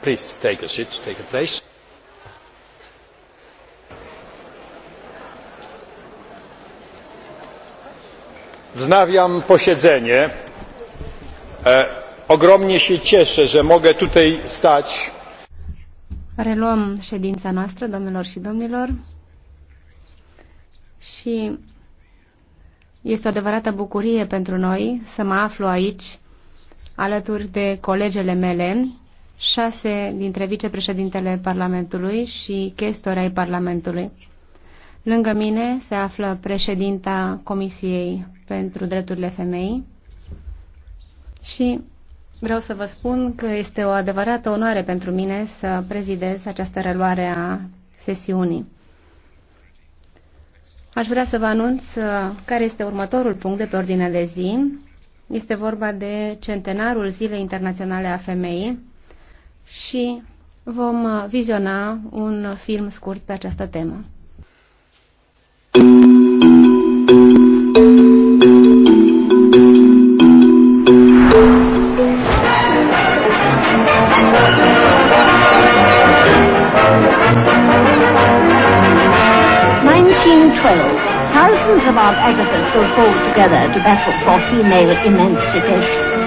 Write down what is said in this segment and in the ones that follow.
Please take a seat, take a place. Wznawiam posiedzenie. E, ogromnie się cieszę, że mogę tutaj stać. Reluăm ședința noastră, domnilor și domnilor. Și este o adevărată bucurie pentru noi să mă aflu aici alături de colegele mele șase dintre vicepreședintele Parlamentului și chestori ai Parlamentului. Lângă mine se află președinta Comisiei pentru Drepturile Femeii și vreau să vă spun că este o adevărată onoare pentru mine să prezidez această reluare a sesiunii. Aș vrea să vă anunț uh, care este următorul punct de pe ordinea de zi. Este vorba de centenarul Zilei Internaționale a Femeii, și vom uh, viziona un film scurt pe această temă. Thousands of our Agathas will fall together to battle for female emancipation.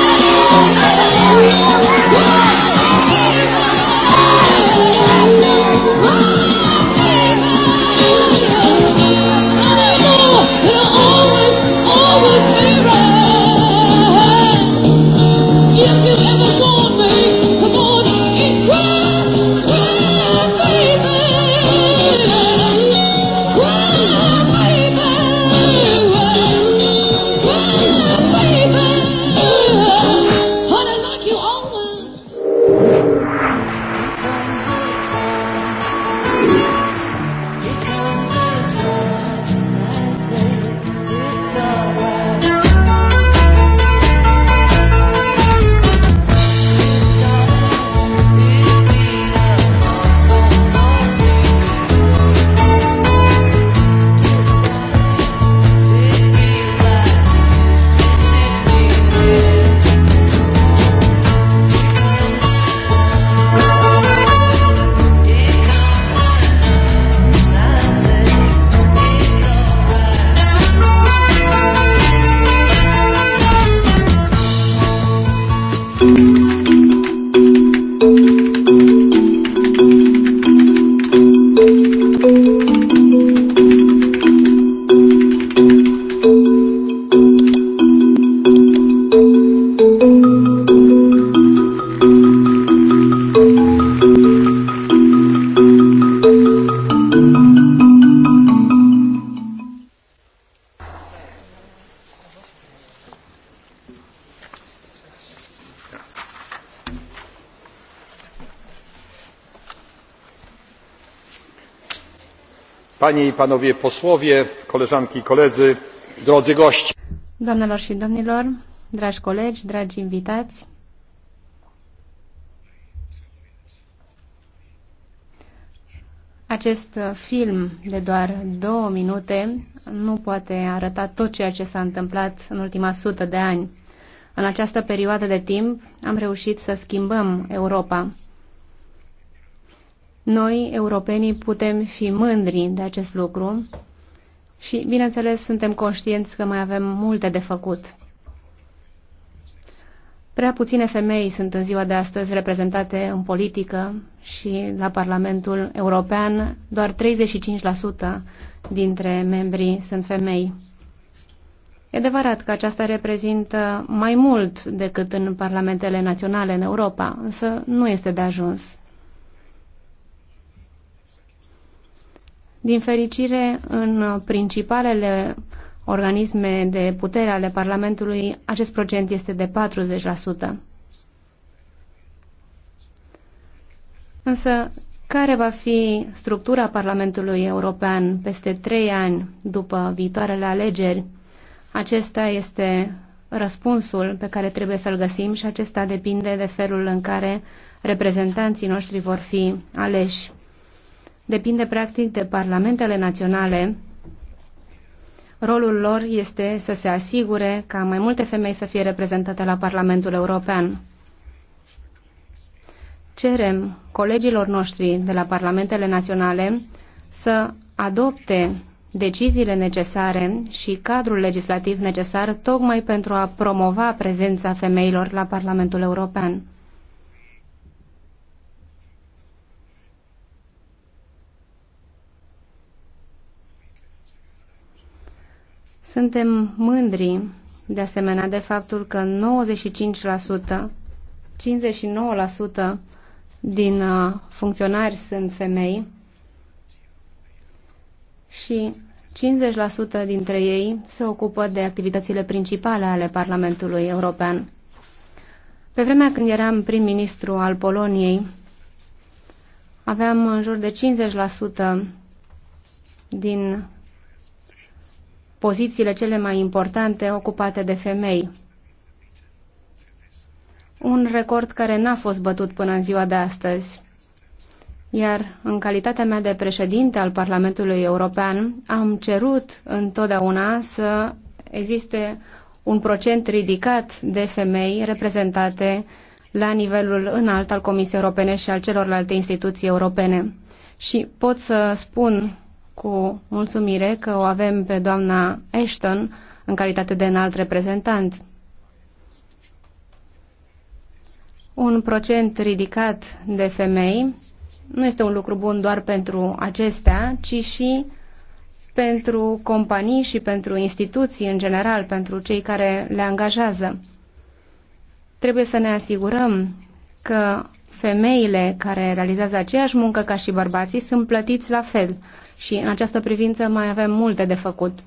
panie i panowie posłowie koleżanki i koledzy drodzy goście doamnelor și domnilor dragi colegi dragi invitați acest film de doar două minute nu poate arăta tot ceea ce s-a întâmplat în ultima sută de ani. În această perioadă de timp am reușit să schimbăm Europa. Noi, europenii, putem fi mândri de acest lucru și, bineînțeles, suntem conștienți că mai avem multe de făcut. Prea puține femei sunt în ziua de astăzi reprezentate în politică și la Parlamentul European doar 35% dintre membrii sunt femei. E adevărat că aceasta reprezintă mai mult decât în parlamentele naționale în Europa, însă nu este de ajuns. Din fericire, în principalele organisme de putere ale Parlamentului, acest procent este de 40%. Însă, care va fi structura Parlamentului European peste trei ani după viitoarele alegeri? Acesta este răspunsul pe care trebuie să-l găsim și acesta depinde de felul în care reprezentanții noștri vor fi aleși depinde practic de parlamentele naționale. Rolul lor este să se asigure ca mai multe femei să fie reprezentate la Parlamentul European. Cerem colegilor noștri de la parlamentele naționale să adopte deciziile necesare și cadrul legislativ necesar tocmai pentru a promova prezența femeilor la Parlamentul European. Suntem mândri de asemenea de faptul că 95%, 59% din uh, funcționari sunt femei și 50% dintre ei se ocupă de activitățile principale ale Parlamentului European. Pe vremea când eram prim-ministru al Poloniei, aveam în jur de 50% din pozițiile cele mai importante ocupate de femei. Un record care n-a fost bătut până în ziua de astăzi. Iar în calitatea mea de președinte al Parlamentului European, am cerut întotdeauna să existe un procent ridicat de femei reprezentate la nivelul înalt al Comisiei Europene și al celorlalte instituții europene. Și pot să spun cu mulțumire că o avem pe doamna Ashton în calitate de înalt reprezentant. Un procent ridicat de femei nu este un lucru bun doar pentru acestea, ci și pentru companii și pentru instituții în general, pentru cei care le angajează. Trebuie să ne asigurăm că femeile care realizează aceeași muncă ca și bărbații sunt plătiți la fel și în această privință mai avem multe de făcut.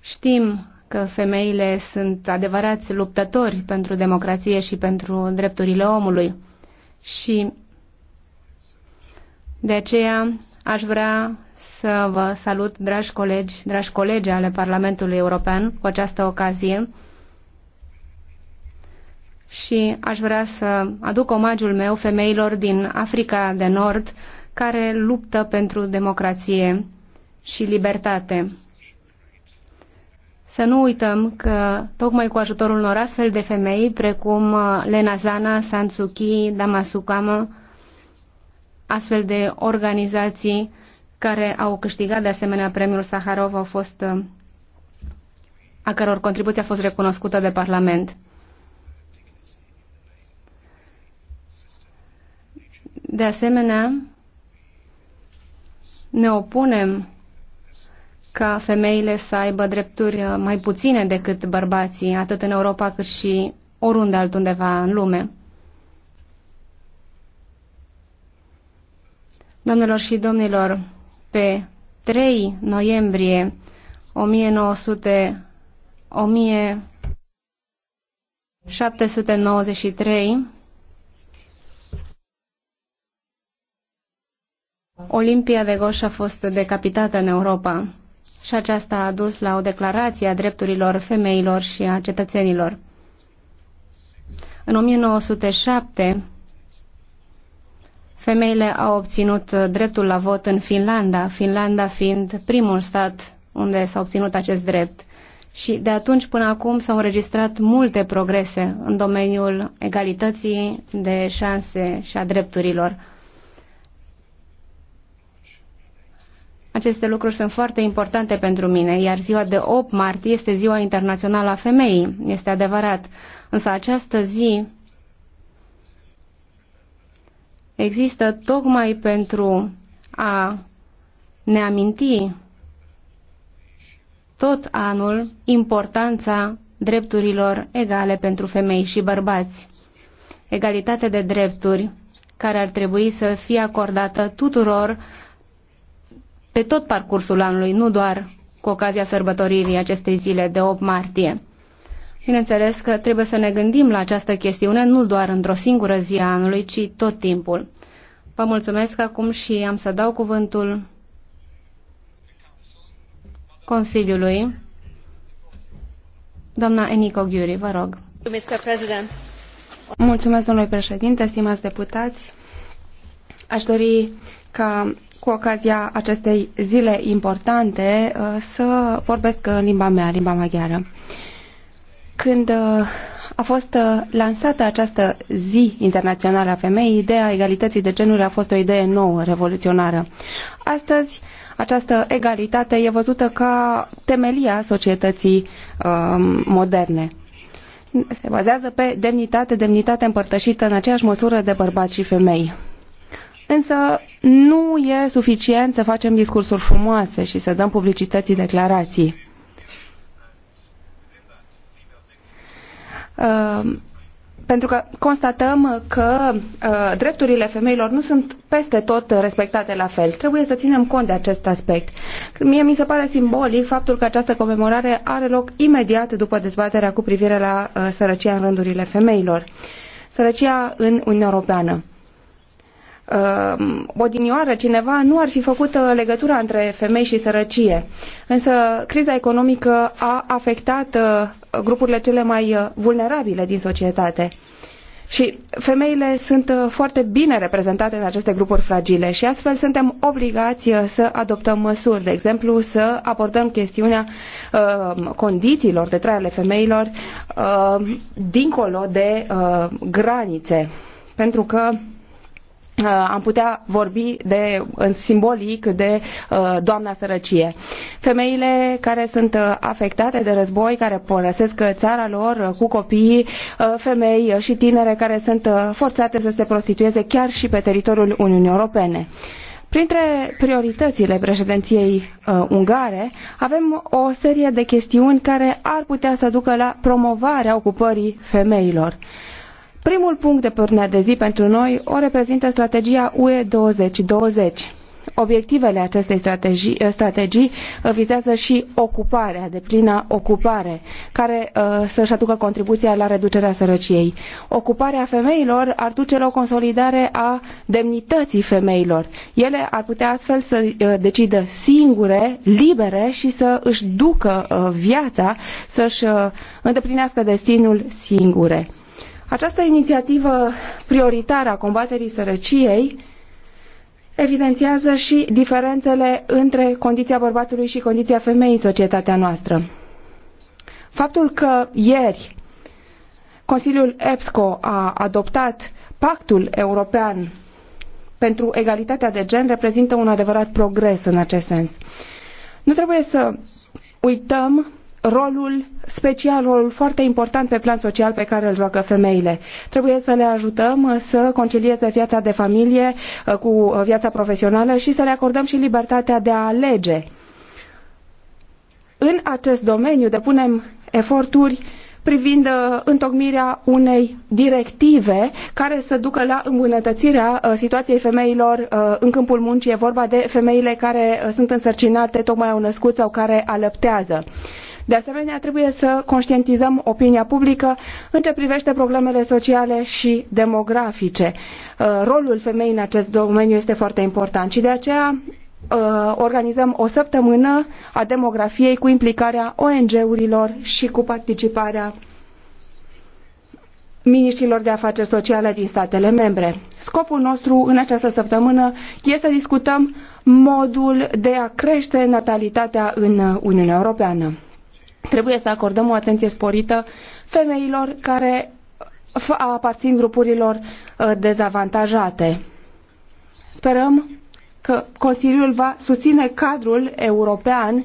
Știm că femeile sunt adevărați luptători pentru democrație și pentru drepturile omului și de aceea aș vrea să vă salut, dragi colegi, dragi colegi ale Parlamentului European, cu această ocazie și aș vrea să aduc omagiul meu femeilor din Africa de Nord care luptă pentru democrație și libertate. Să nu uităm că tocmai cu ajutorul unor astfel de femei, precum uh, Lena Zana, Sansuki, Damasukama, astfel de organizații care au câștigat de asemenea premiul Saharov au fost uh, a căror contribuție a fost recunoscută de Parlament. De asemenea, ne opunem ca femeile să aibă drepturi uh, mai puține decât bărbații, atât în Europa cât și oriunde altundeva în lume. Doamnelor și domnilor, pe 3 noiembrie 1900, 1793 Olimpia de Goș a fost decapitată în Europa și aceasta a dus la o declarație a drepturilor femeilor și a cetățenilor. În 1907, femeile au obținut dreptul la vot în Finlanda, Finlanda fiind primul stat unde s-a obținut acest drept. Și de atunci până acum s-au înregistrat multe progrese în domeniul egalității de șanse și a drepturilor. Aceste lucruri sunt foarte importante pentru mine, iar ziua de 8 martie este ziua internațională a femeii, este adevărat. Însă această zi există tocmai pentru a ne aminti tot anul importanța drepturilor egale pentru femei și bărbați. Egalitate de drepturi care ar trebui să fie acordată tuturor pe tot parcursul anului, nu doar cu ocazia sărbătoririi acestei zile de 8 martie. Bineînțeles că trebuie să ne gândim la această chestiune nu doar într-o singură zi a anului, ci tot timpul. Vă mulțumesc acum și am să dau cuvântul Consiliului. Doamna Eniko Ghiuri, vă rog. Mulțumesc, domnule președinte, stimați deputați. Aș dori ca cu ocazia acestei zile importante uh, să vorbesc în limba mea, limba maghiară. Când uh, a fost uh, lansată această zi internațională a femeii, ideea egalității de genuri a fost o idee nouă, revoluționară. Astăzi, această egalitate e văzută ca temelia societății uh, moderne. Se bazează pe demnitate, demnitate împărtășită în aceeași măsură de bărbați și femei. Însă nu e suficient să facem discursuri frumoase și să dăm publicității declarații. Uh, pentru că constatăm că uh, drepturile femeilor nu sunt peste tot respectate la fel. Trebuie să ținem cont de acest aspect. Mie mi se pare simbolic faptul că această comemorare are loc imediat după dezbaterea cu privire la uh, sărăcia în rândurile femeilor. Sărăcia în Uniunea Europeană. Um, odinioară cineva nu ar fi făcut uh, legătura între femei și sărăcie. Însă criza economică a afectat uh, grupurile cele mai uh, vulnerabile din societate. Și femeile sunt foarte bine reprezentate în aceste grupuri fragile și astfel suntem obligați să adoptăm măsuri, de exemplu să abordăm chestiunea uh, condițiilor de trai ale femeilor uh, dincolo de uh, granițe. Pentru că uh, Uh, am putea vorbi de, în simbolic de uh, doamna sărăcie. Femeile care sunt uh, afectate de război, care părăsesc uh, țara lor cu copiii, uh, femei și tinere care sunt forțate să se prostitueze chiar și pe teritoriul Uniunii Europene. Printre prioritățile președinției uh, ungare avem o serie de chestiuni care ar putea să ducă la promovarea ocupării femeilor. Uh, Primul punct de pornea de zi pentru noi o reprezintă strategia UE 2020. Obiectivele acestei eh, strategii, strategii eh, vizează și ocuparea, de plină ocupare, care eh, să-și aducă contribuția la reducerea sărăciei. Ocuparea femeilor ar duce la o consolidare a demnității femeilor. Ele ar putea astfel să decidă singure, libere și să își ducă viața, să-și îndeplinească destinul singure această inițiativă prioritară a combaterii sărăciei evidențiază și diferențele între condiția bărbatului și condiția femeii în societatea noastră. Faptul că ieri Consiliul EPSCO a adoptat Pactul European pentru Egalitatea de Gen reprezintă un adevărat progres în acest sens. Nu trebuie să uităm rolul special, rolul foarte important pe plan social pe care îl joacă femeile. Trebuie să le ajutăm să concilieze viața de familie uh, cu viața profesională și să le acordăm și libertatea de a alege. În acest domeniu depunem eforturi privind uh, întocmirea unei directive care să ducă la îmbunătățirea uh, situației femeilor în câmpul muncii. E vorba de femeile care sunt însărcinate, tocmai au născut sau care alăptează. De asemenea, trebuie să conștientizăm opinia publică în ce privește problemele sociale și demografice. Uh, rolul femeii în acest domeniu este foarte important și de aceea uh, organizăm o săptămână a demografiei cu implicarea ONG-urilor și cu participarea miniștrilor de afaceri sociale din statele membre. Scopul nostru în această săptămână este să discutăm modul de a crește natalitatea în Uniunea Europeană. Trebuie să acordăm o atenție sporită femeilor care aparțin grupurilor uh, dezavantajate. Sperăm că Consiliul va susține cadrul european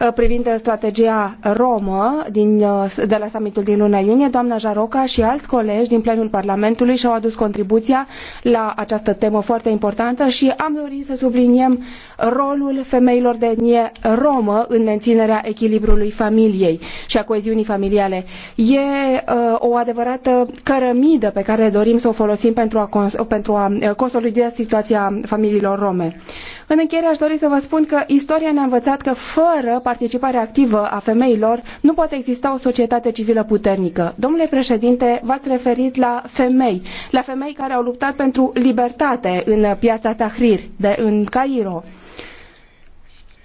Uh, privind uh, strategia romă din, uh, de la summitul din luna iunie, doamna Jaroca și alți colegi din plenul Parlamentului și-au adus contribuția la această temă foarte importantă și am dorit să subliniem rolul femeilor de etnie romă în menținerea echilibrului familiei și a coeziunii familiale. E uh, o adevărată cărămidă pe care dorim să o folosim pentru a, pentru a consolida situația familiilor rome. În încheiere aș dori să vă spun că istoria ne-a învățat că fără participare activă a femeilor, nu poate exista o societate civilă puternică. Domnule președinte, v-ați referit la femei, la femei care au luptat pentru libertate în piața Tahrir, de, în Cairo.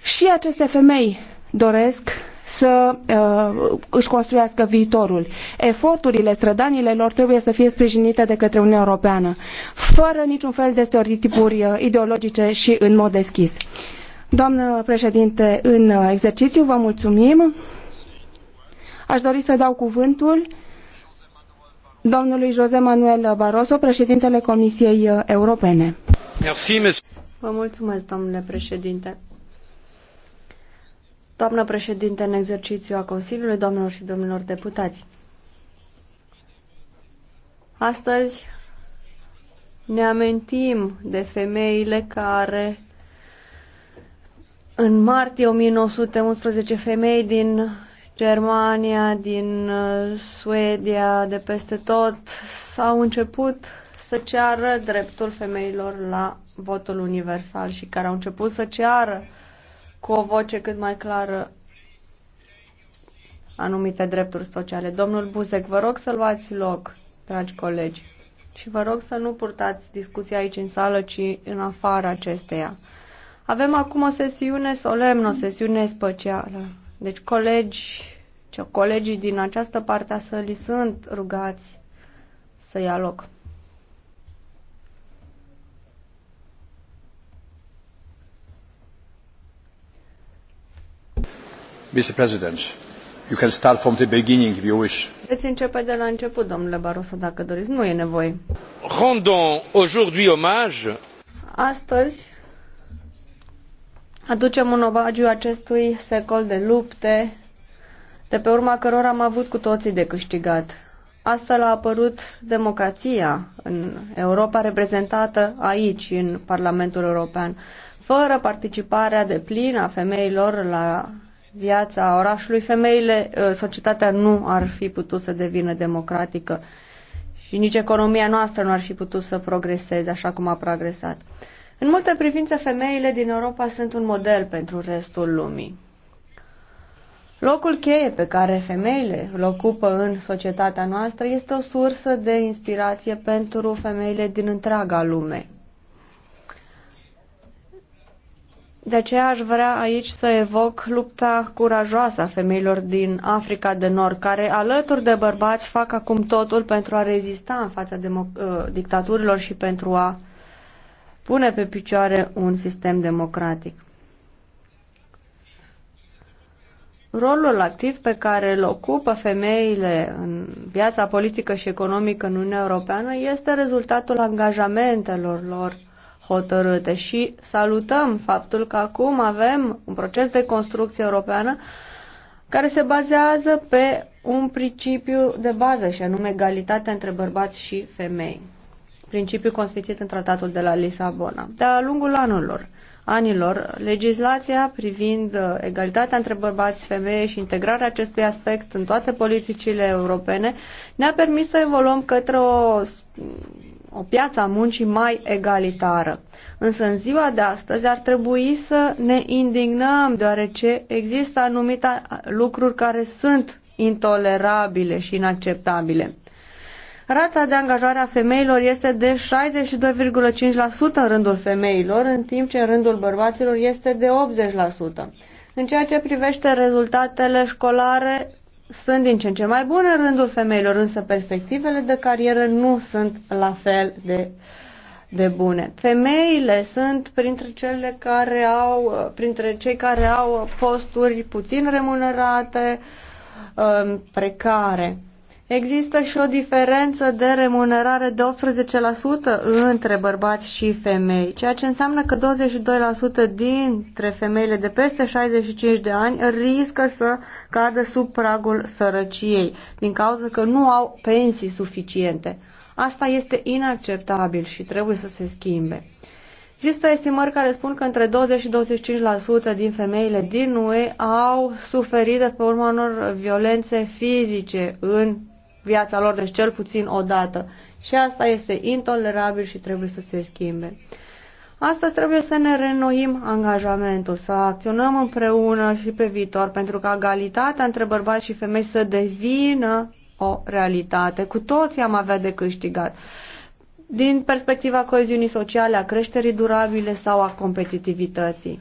Și aceste femei doresc să uh, își construiască viitorul. Eforturile, strădanile lor trebuie să fie sprijinite de către Uniunea Europeană, fără niciun fel de stereotipuri uh, ideologice și în mod deschis. Doamnă președinte, în exercițiu vă mulțumim. Aș dori să dau cuvântul domnului José Manuel Barroso, președintele Comisiei Europene. Vă mulțumesc, domnule președinte. Doamnă președinte în exercițiu a Consiliului, domnilor și domnilor deputați. Astăzi ne amintim de femeile care în martie 1911, femei din Germania, din uh, Suedia, de peste tot, s-au început să ceară dreptul femeilor la votul universal și care au început să ceară cu o voce cât mai clară anumite drepturi sociale. Domnul Buzec, vă rog să luați loc, dragi colegi, și vă rog să nu purtați discuția aici în sală, ci în afara acesteia. Avem acum o sesiune solemnă, o sesiune specială. Deci colegi, ce colegii din această parte a sălii sunt rugați să ia loc. Mr. President, you can start from the beginning if you wish. Veți începe de la început, domnule Barroso, dacă doriți. Nu e nevoie. Rendons aujourd'hui hommage. Astăzi aducem un omagiu acestui secol de lupte, de pe urma cărora am avut cu toții de câștigat. Astfel a apărut democrația în Europa reprezentată aici, în Parlamentul European. Fără participarea de plin a femeilor la viața orașului, femeile, ă, societatea nu ar fi putut să devină democratică și nici economia noastră nu ar fi putut să progreseze așa cum a progresat. În multe privințe, femeile din Europa sunt un model pentru restul lumii. Locul cheie pe care femeile îl ocupă în societatea noastră este o sursă de inspirație pentru femeile din întreaga lume. De aceea aș vrea aici să evoc lupta curajoasă a femeilor din Africa de Nord, care alături de bărbați fac acum totul pentru a rezista în fața ă, dictaturilor și pentru a pune pe picioare un sistem democratic. Rolul activ pe care îl ocupă femeile în viața politică și economică în Uniunea Europeană este rezultatul angajamentelor lor hotărâte și salutăm faptul că acum avem un proces de construcție europeană care se bazează pe un principiu de bază și anume egalitatea între bărbați și femei principiu consfințit în tratatul de la Lisabona. De-a lungul anilor, anilor, legislația privind uh, egalitatea între bărbați și femei și integrarea acestui aspect în toate politicile europene ne-a permis să evoluăm către o, o piață a muncii mai egalitară. Însă în ziua de astăzi ar trebui să ne indignăm, deoarece există anumite lucruri care sunt intolerabile și inacceptabile. Rata de angajare a femeilor este de 62,5% în rândul femeilor, în timp ce în rândul bărbaților este de 80%. În ceea ce privește rezultatele școlare, sunt din ce în ce mai bune în rândul femeilor, însă perspectivele de carieră nu sunt la fel de de bune. Femeile sunt printre cele care au, printre cei care au posturi puțin remunerate, um, precare. Există și o diferență de remunerare de 18% între bărbați și femei, ceea ce înseamnă că 22% dintre femeile de peste 65 de ani riscă să cadă sub pragul sărăciei, din cauza că nu au pensii suficiente. Asta este inacceptabil și trebuie să se schimbe. Există estimări care spun că între 20 și 25% din femeile din UE au suferit de pe urma unor violențe fizice în viața lor, deci cel puțin o dată. Și asta este intolerabil și trebuie să se schimbe. Astăzi trebuie să ne renoim angajamentul, să acționăm împreună și pe viitor, pentru ca egalitatea între bărbați și femei să devină o realitate. Cu toții am avea de câștigat. Din perspectiva coeziunii sociale, a creșterii durabile sau a competitivității.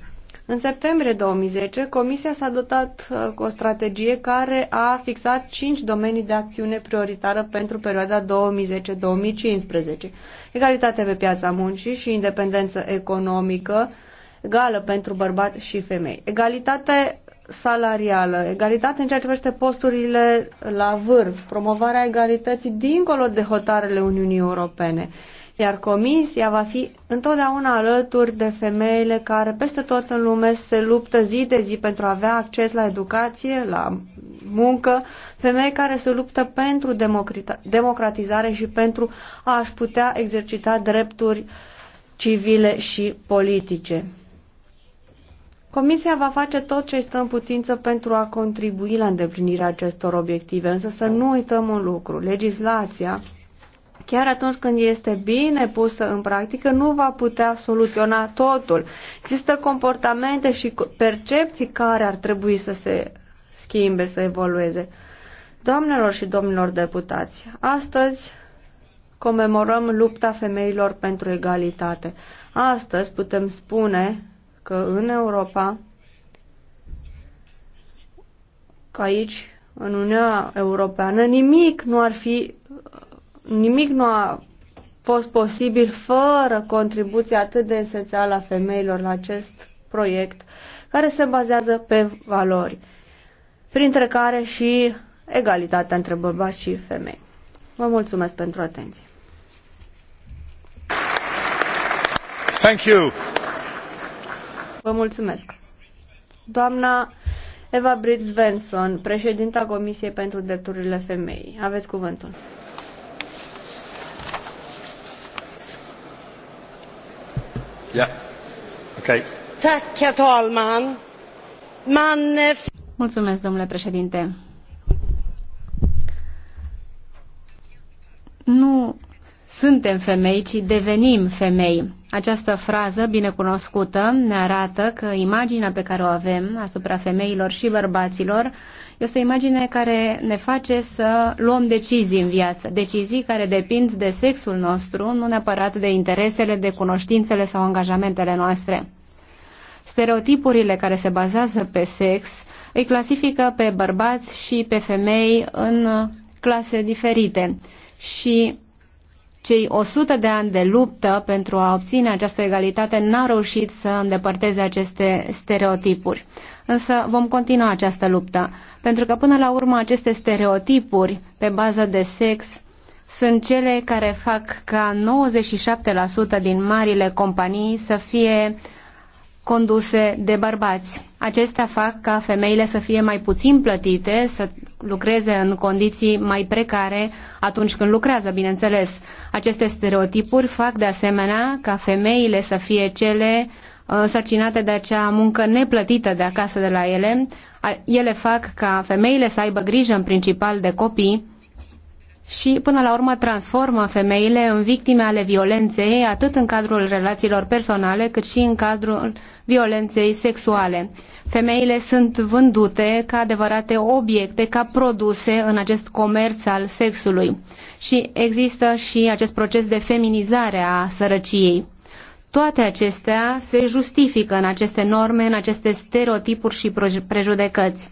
În septembrie 2010, Comisia s-a dotat uh, cu o strategie care a fixat cinci domenii de acțiune prioritară pentru perioada 2010-2015. Egalitate pe piața muncii și independență economică egală pentru bărbați și femei. Egalitate salarială, egalitate în ceea ce privește posturile la vârf, promovarea egalității dincolo de hotarele Uniunii Europene, iar comisia va fi întotdeauna alături de femeile care peste tot în lume se luptă zi de zi pentru a avea acces la educație, la muncă, femei care se luptă pentru democratizare și pentru a-și putea exercita drepturi civile și politice. Comisia va face tot ce stă în putință pentru a contribui la îndeplinirea acestor obiective, însă să nu uităm un lucru. Legislația chiar atunci când este bine pusă în practică, nu va putea soluționa totul. Există comportamente și percepții care ar trebui să se schimbe, să evolueze. Doamnelor și domnilor deputați, astăzi comemorăm lupta femeilor pentru egalitate. Astăzi putem spune că în Europa, că aici, în Uniunea Europeană, nimic nu ar fi Nimic nu a fost posibil fără contribuția atât de esențială a femeilor la acest proiect care se bazează pe valori, printre care și egalitatea între bărbați și femei. Vă mulțumesc pentru atenție. Thank you. Vă mulțumesc. Doamna Eva britz Svensson, președinta Comisiei pentru Drepturile Femeii. Aveți cuvântul. Eh, Mulțumesc, domnule președinte. Nu suntem femei, ci devenim femei. Această frază binecunoscută ne arată că imaginea pe care o avem asupra femeilor și bărbaților este o imagine care ne face să luăm decizii în viață, decizii care depind de sexul nostru, nu neapărat de interesele, de cunoștințele sau angajamentele noastre. Stereotipurile care se bazează pe sex îi clasifică pe bărbați și pe femei în clase diferite și cei 100 de ani de luptă pentru a obține această egalitate n-au reușit să îndepărteze aceste stereotipuri însă vom continua această luptă, pentru că până la urmă aceste stereotipuri pe bază de sex sunt cele care fac ca 97% din marile companii să fie conduse de bărbați. Acestea fac ca femeile să fie mai puțin plătite, să lucreze în condiții mai precare atunci când lucrează, bineînțeles. Aceste stereotipuri fac de asemenea ca femeile să fie cele însărcinate uh, de acea muncă neplătită de acasă de la ele. Ele fac ca femeile să aibă grijă în principal de copii și până la urmă transformă femeile în victime ale violenței, atât în cadrul relațiilor personale, cât și în cadrul violenței sexuale. Femeile sunt vândute ca adevărate obiecte, ca produse în acest comerț al sexului. Și există și acest proces de feminizare a sărăciei. Toate acestea se justifică în aceste norme, în aceste stereotipuri și prejudecăți.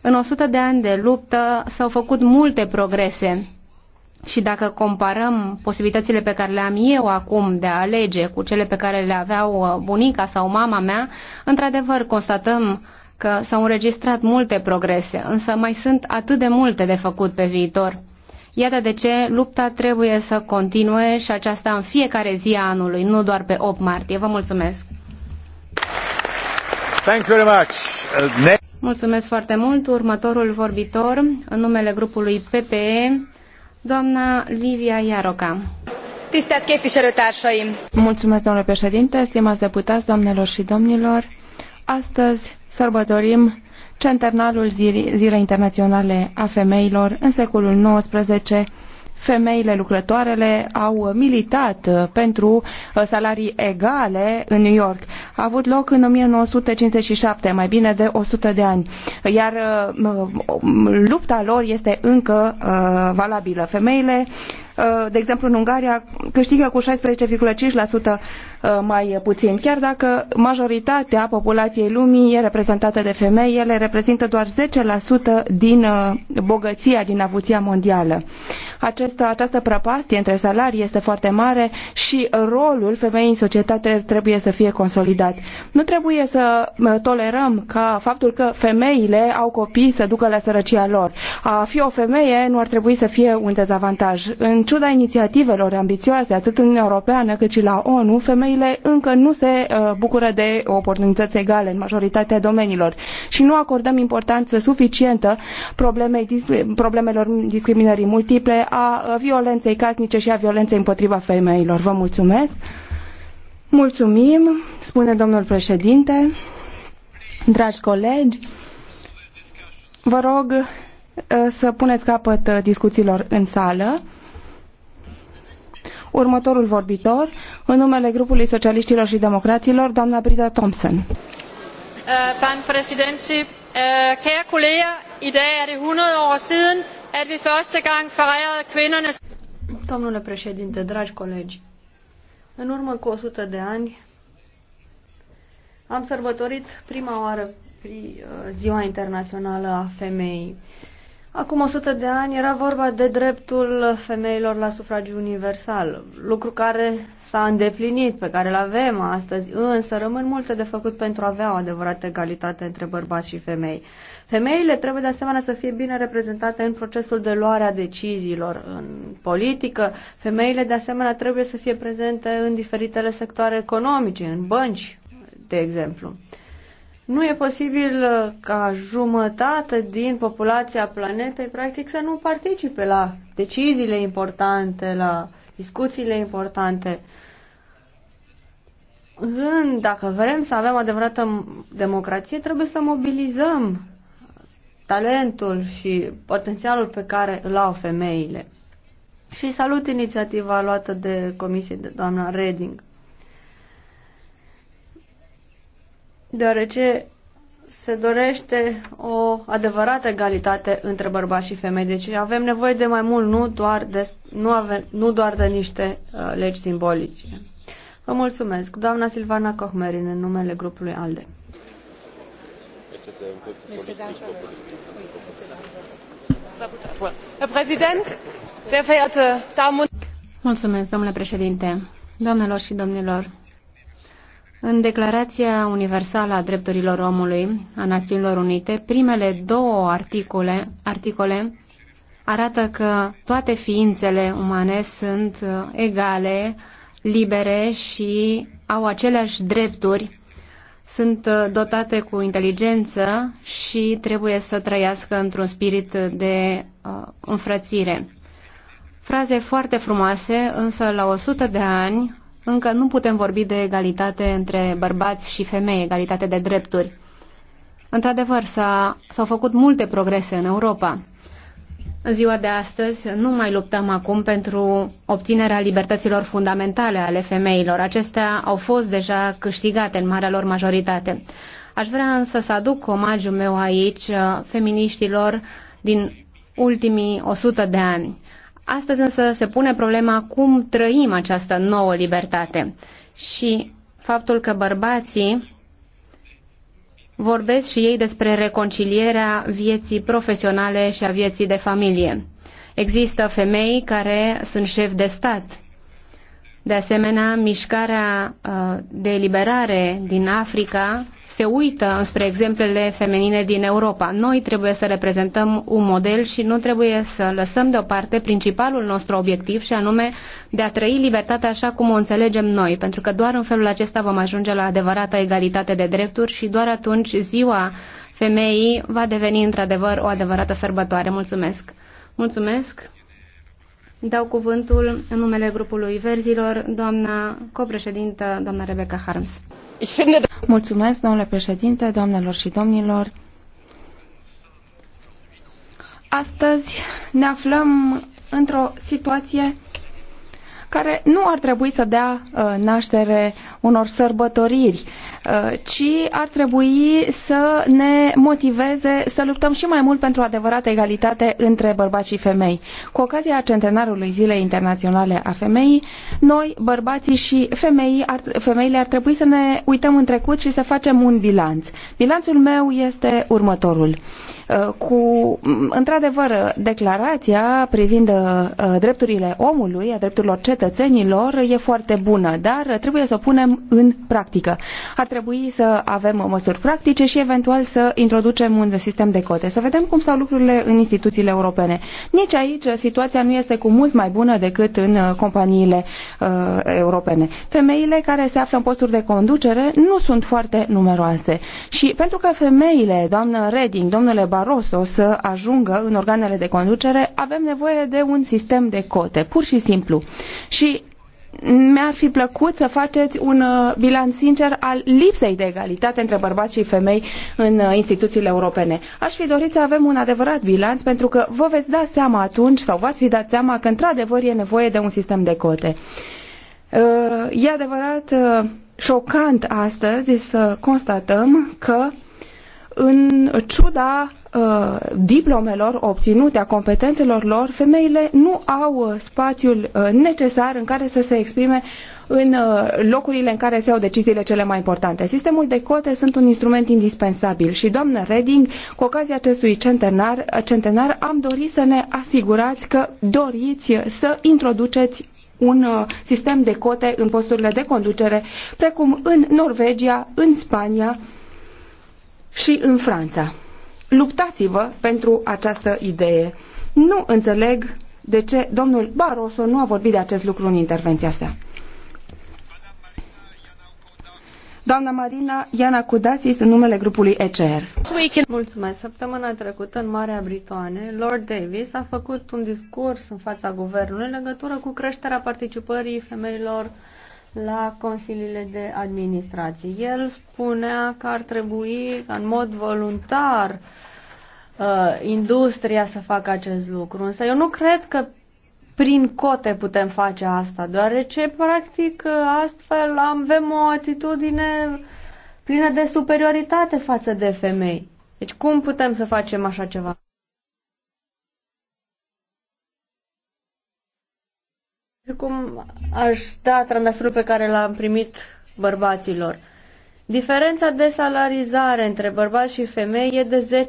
În 100 de ani de luptă s-au făcut multe progrese și dacă comparăm posibilitățile pe care le am eu acum de a alege cu cele pe care le aveau uh, bunica sau mama mea, într-adevăr constatăm că s-au înregistrat multe progrese, însă mai sunt atât de multe de făcut pe viitor. Iată de ce lupta trebuie să continue și aceasta în fiecare zi a anului, nu doar pe 8 martie. Vă mulțumesc! Thank you very much. Uh, Next... Mulțumesc foarte mult. Următorul vorbitor, în numele grupului PPE, doamna Livia Iaroca. Mulțumesc, domnule președinte, stimați deputați, doamnelor și domnilor! Astăzi sărbătorim centenarul Zilei Internaționale a Femeilor în secolul XIX, femeile lucrătoarele au militat uh, pentru uh, salarii egale în New York. A avut loc în 1957, mai bine de 100 de ani, iar uh, lupta lor este încă valabilă. Femeile Uh, de exemplu în Ungaria, câștigă cu 16,5% uh, mai puțin. Chiar dacă majoritatea populației lumii e reprezentată de femei, ele reprezintă doar 10% din uh, bogăția, din avuția mondială. Această, această prăpastie între salarii este foarte mare și rolul femeii în societate trebuie să fie consolidat. Nu trebuie să tolerăm ca faptul că femeile au copii să ducă la sărăcia lor. A fi o femeie nu ar trebui să fie un dezavantaj. În în ciuda inițiativelor ambițioase, atât în Uniunea Europeană cât și la ONU, femeile încă nu se uh, bucură de oportunități egale în majoritatea domeniilor și nu acordăm importanță suficientă problemei, problemelor discriminării multiple, a violenței casnice și a violenței împotriva femeilor. Vă mulțumesc! Mulțumim, spune domnul președinte, dragi colegi, vă rog uh, să puneți capăt uh, discuțiilor în sală. Următorul vorbitor, în numele grupului socialiștilor și democraților, doamna Brita Thompson. Eh, pan eh, kære kolleger, i dag er det 100 år siden, at vi første gang fejrede kvindernes... Domnule președinte, dragi colegi, în urmă cu 100 de ani am sărbătorit prima oară eh, Ziua Internațională a Femeii. Acum 100 de ani era vorba de dreptul femeilor la sufragiu universal, lucru care s-a îndeplinit, pe care îl avem astăzi, însă rămân multe de făcut pentru a avea o adevărată egalitate între bărbați și femei. Femeile trebuie de asemenea să fie bine reprezentate în procesul de luare a deciziilor în politică, femeile de asemenea trebuie să fie prezente în diferitele sectoare economice, în bănci, de exemplu. Nu e posibil uh, ca jumătate din populația planetei practic să nu participe la deciziile importante, la discuțiile importante. În, dacă vrem să avem adevărată democrație, trebuie să mobilizăm talentul și potențialul pe care îl au femeile. Și salut inițiativa luată de comisie de doamna Reding. deoarece se dorește o adevărată egalitate între bărbați și femei. Deci avem nevoie de mai mult, nu doar de, nu avem, nu doar de niște uh, legi simbolice. Vă mulțumesc. Doamna Silvana Cohmerin, în numele grupului ALDE. Mulțumesc, domnule președinte, doamnelor și domnilor. În Declarația Universală a Drepturilor Omului a Națiunilor Unite, primele două articole, articole arată că toate ființele umane sunt uh, egale, libere și au aceleași drepturi, sunt uh, dotate cu inteligență și trebuie să trăiască într-un spirit de uh, înfrățire. Fraze foarte frumoase, însă la 100 de ani încă nu putem vorbi de egalitate între bărbați și femei, egalitate de drepturi. Într-adevăr, s-au făcut multe progrese în Europa. În ziua de astăzi nu mai luptăm acum pentru obținerea libertăților fundamentale ale femeilor. Acestea au fost deja câștigate în marea lor majoritate. Aș vrea însă să aduc omagiul meu aici uh, feminiștilor din ultimii 100 de ani. Astăzi însă se pune problema cum trăim această nouă libertate și faptul că bărbații vorbesc și ei despre reconcilierea vieții profesionale și a vieții de familie. Există femei care sunt șef de stat de asemenea, mișcarea uh, de eliberare din Africa se uită spre exemplele feminine din Europa. Noi trebuie să reprezentăm un model și nu trebuie să lăsăm deoparte principalul nostru obiectiv și anume de a trăi libertatea așa cum o înțelegem noi, pentru că doar în felul acesta vom ajunge la adevărata egalitate de drepturi și doar atunci ziua femeii va deveni într-adevăr o adevărată sărbătoare. Mulțumesc! Mulțumesc! Dau cuvântul în numele grupului Verzilor, doamna copreședintă, doamna Rebecca Harms. Mulțumesc, domnule președinte, doamnelor și domnilor. Astăzi ne aflăm într-o situație care nu ar trebui să dea uh, naștere unor sărbătoriri, uh, ci ar trebui să ne motiveze să luptăm și mai mult pentru adevărată egalitate între bărbați și femei. Cu ocazia centenarului Zilei Internaționale a Femeii, noi, bărbații și femeii, ar, femeile, ar trebui să ne uităm în trecut și să facem un bilanț. Bilanțul meu este următorul. Uh, cu, într-adevăr, declarația privind drepturile omului, a drepturilor cetățenilor, cetățenilor e foarte bună, dar trebuie să o punem în practică. Ar trebui să avem măsuri practice și eventual să introducem un sistem de cote, să vedem cum stau lucrurile în instituțiile europene. Nici aici situația nu este cu mult mai bună decât în uh, companiile uh, europene. Femeile care se află în posturi de conducere nu sunt foarte numeroase și pentru că femeile, doamnă Reding, domnule Barroso, să ajungă în organele de conducere, avem nevoie de un sistem de cote, pur și simplu și mi-ar fi plăcut să faceți un uh, bilanț sincer al lipsei de egalitate între bărbați și femei în uh, instituțiile europene. Aș fi dorit să avem un adevărat bilanț pentru că vă veți da seama atunci sau v-ați fi dat seama că într-adevăr e nevoie de un sistem de cote. Uh, e adevărat șocant astăzi să constatăm că în ciuda Uh, diplomelor obținute, a competențelor lor, femeile nu au uh, spațiul uh, necesar în care să se exprime în locurile în care se au deciziile cele mai importante. Sistemul de cote sunt un instrument indispensabil și, doamnă Reding, cu ocazia acestui centenar, centenar am dorit să ne asigurați că doriți să introduceți un sistem de cote în posturile de conducere, precum în Norvegia, în Spania și în Franța luptați-vă pentru această idee. Nu înțeleg de ce domnul Barroso nu a vorbit de acest lucru în intervenția sa. Doamna Marina Iana Cudasis în numele grupului ECR. Mulțumesc. Săptămâna trecută în Marea Britanie, Lord Davis a făcut un discurs în fața guvernului în legătură cu creșterea participării femeilor la consiliile de administrație. El spunea că ar trebui, în mod voluntar, uh, industria să facă acest lucru. Însă eu nu cred că prin cote putem face asta, deoarece, practic, astfel avem o atitudine plină de superioritate față de femei. Deci cum putem să facem așa ceva? cum aș da trandafirul pe care l-am primit bărbaților. Diferența de salarizare între bărbați și femei e de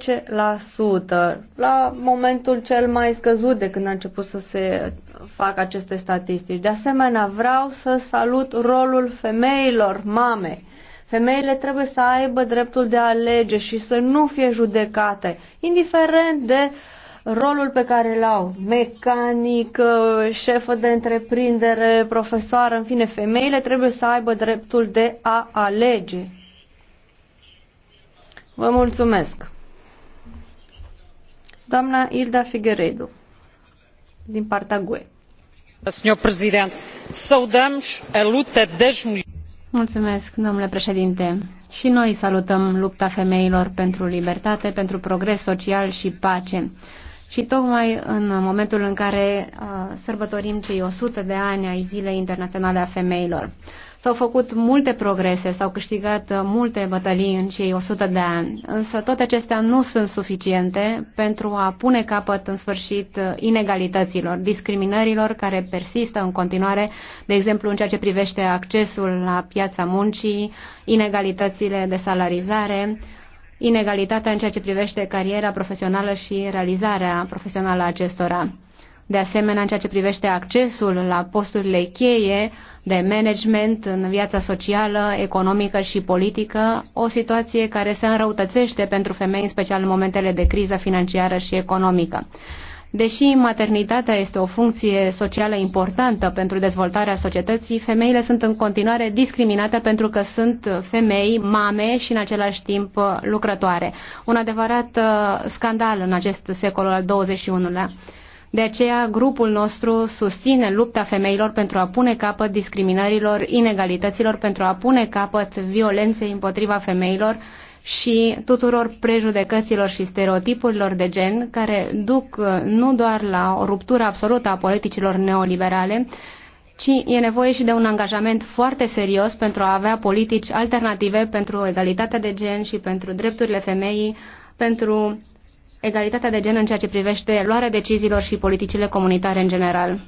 10% la momentul cel mai scăzut de când a început să se facă aceste statistici. De asemenea, vreau să salut rolul femeilor, mame. Femeile trebuie să aibă dreptul de a alege și să nu fie judecate, indiferent de uh, rolul pe care îl au, mecanic, șefă de întreprindere, profesoară, în fine, femeile trebuie să aibă dreptul de a alege. Vă mulțumesc. Doamna Ilda Figueiredo, din partea GUE. Senhor Presidente, saudamos a luta Mulțumesc, domnule președinte. Și noi salutăm lupta femeilor pentru libertate, pentru progres social și pace. Și tocmai în momentul în care uh, sărbătorim cei 100 de ani ai Zilei Internaționale a Femeilor. S-au făcut multe progrese, s-au câștigat uh, multe bătălii în cei 100 de ani, însă toate acestea nu sunt suficiente pentru a pune capăt în sfârșit uh, inegalităților, discriminărilor care persistă în continuare, de exemplu în ceea ce privește accesul la piața muncii, inegalitățile de salarizare, inegalitatea în ceea ce privește cariera profesională și realizarea profesională a acestora. De asemenea, în ceea ce privește accesul la posturile cheie de management în viața socială, economică și politică, o situație care se înrăutățește pentru femei, în special în momentele de criză financiară și economică. Deși maternitatea este o funcție socială importantă pentru dezvoltarea societății, femeile sunt în continuare discriminate pentru că sunt femei, mame și în același timp lucrătoare. Un adevărat uh, scandal în acest secol al XXI-lea. De aceea, grupul nostru susține lupta femeilor pentru a pune capăt discriminărilor, inegalităților, pentru a pune capăt violenței împotriva femeilor și tuturor prejudecăților și stereotipurilor de gen care duc uh, nu doar la o ruptură absolută a politicilor neoliberale, ci e nevoie și de un angajament foarte serios pentru a avea politici alternative pentru egalitatea de gen și pentru drepturile femeii, pentru egalitatea de gen în ceea ce privește luarea deciziilor și politicile comunitare în general.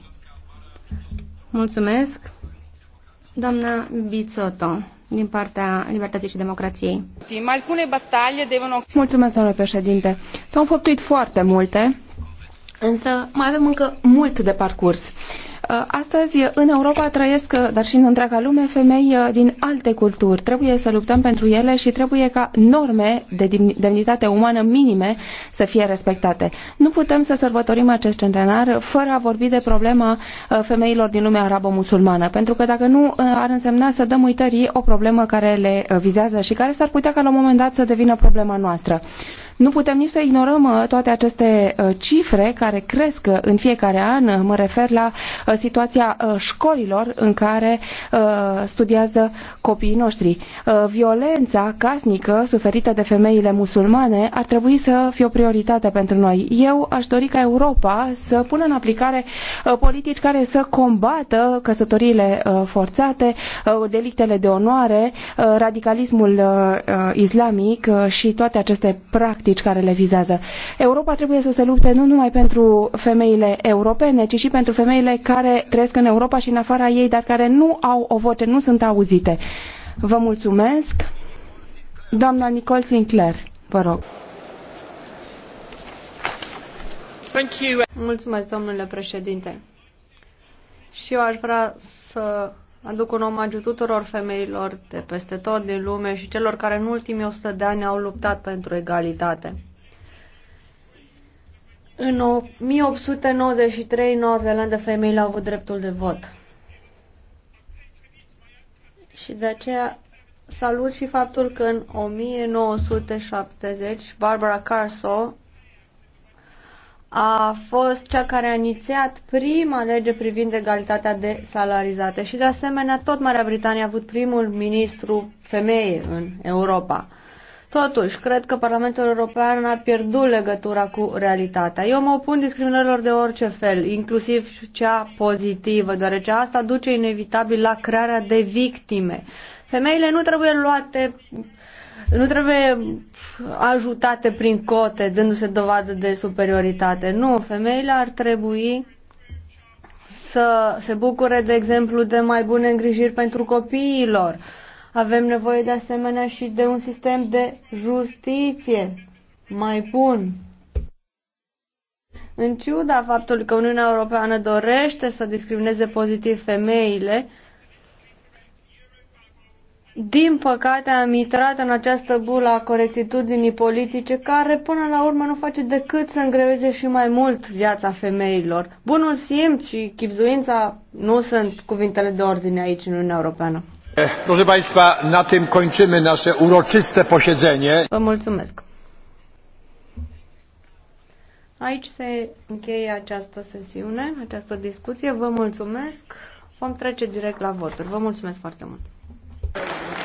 Mulțumesc. Doamna Bizzotto, din partea Libertății și Democrației. Mulțumesc, domnule președinte. S-au făptuit foarte multe, însă mai avem încă mult de parcurs. Uh, astăzi, în Europa trăiesc, uh, dar și în întreaga lume, femei uh, din alte culturi. Trebuie să luptăm pentru ele și trebuie ca norme de demnitate umană minime să fie respectate. Nu putem să sărbătorim acest centenar fără a vorbi de problema femeilor din lumea arabo-musulmană, pentru că dacă nu, ar însemna să dăm uitării o problemă care le vizează și care s-ar putea ca la un moment dat să devină problema noastră. Nu putem nici să ignorăm uh, toate aceste uh, cifre care cresc uh, în fiecare an. Mă refer la situația școlilor în care studiază copiii noștri. Violența casnică suferită de femeile musulmane ar trebui să fie o prioritate pentru noi. Eu aș dori ca Europa să pună în aplicare politici care să combată căsătoriile forțate, delictele de onoare, radicalismul islamic și toate aceste practici politici care le vizează. Europa trebuie să se lupte nu numai pentru femeile europene, ci și pentru femeile care trăiesc în Europa și în afara ei, dar care nu au o voce, nu sunt auzite. Vă mulțumesc. Doamna Nicole Sinclair, vă rog. Mulțumesc, domnule președinte. Și eu aș vrea să aduc un omagiu tuturor femeilor de peste tot din lume și celor care în ultimii 100 de ani au luptat pentru egalitate. În 1893, Noua Zeelandă, femeile au avut dreptul de vot. Și de aceea salut și faptul că în 1970 Barbara Carso a fost cea care a inițiat prima lege privind egalitatea de salarizate și de asemenea tot Marea Britanie a avut primul ministru femeie în Europa. Totuși, cred că Parlamentul European a pierdut legătura cu realitatea. Eu mă opun discriminărilor de orice fel, inclusiv cea pozitivă, deoarece asta duce inevitabil la crearea de victime. Femeile nu trebuie luate nu trebuie ajutate prin cote, dându-se dovadă de superioritate. Nu, femeile ar trebui să se bucure, de exemplu, de mai bune îngrijiri pentru copiilor. Avem nevoie de asemenea și de un sistem de justiție mai bun. În ciuda faptului că Uniunea Europeană dorește să discrimineze pozitiv femeile, din păcate am intrat în această bulă a corectitudinii politice care până la urmă nu face decât să îngreveze și mai mult viața femeilor. Bunul simț și chipzuința nu sunt cuvintele de ordine aici în Uniunea Europeană. Eh, proszę Państwa, na tym kończymy nasze uroczyste posiedzenie. Vă mulțumesc. Aici se încheie această sesiune, această discuție. Vă mulțumesc. Vom trece direct la voturi. Vă mulțumesc foarte mult. Thank you.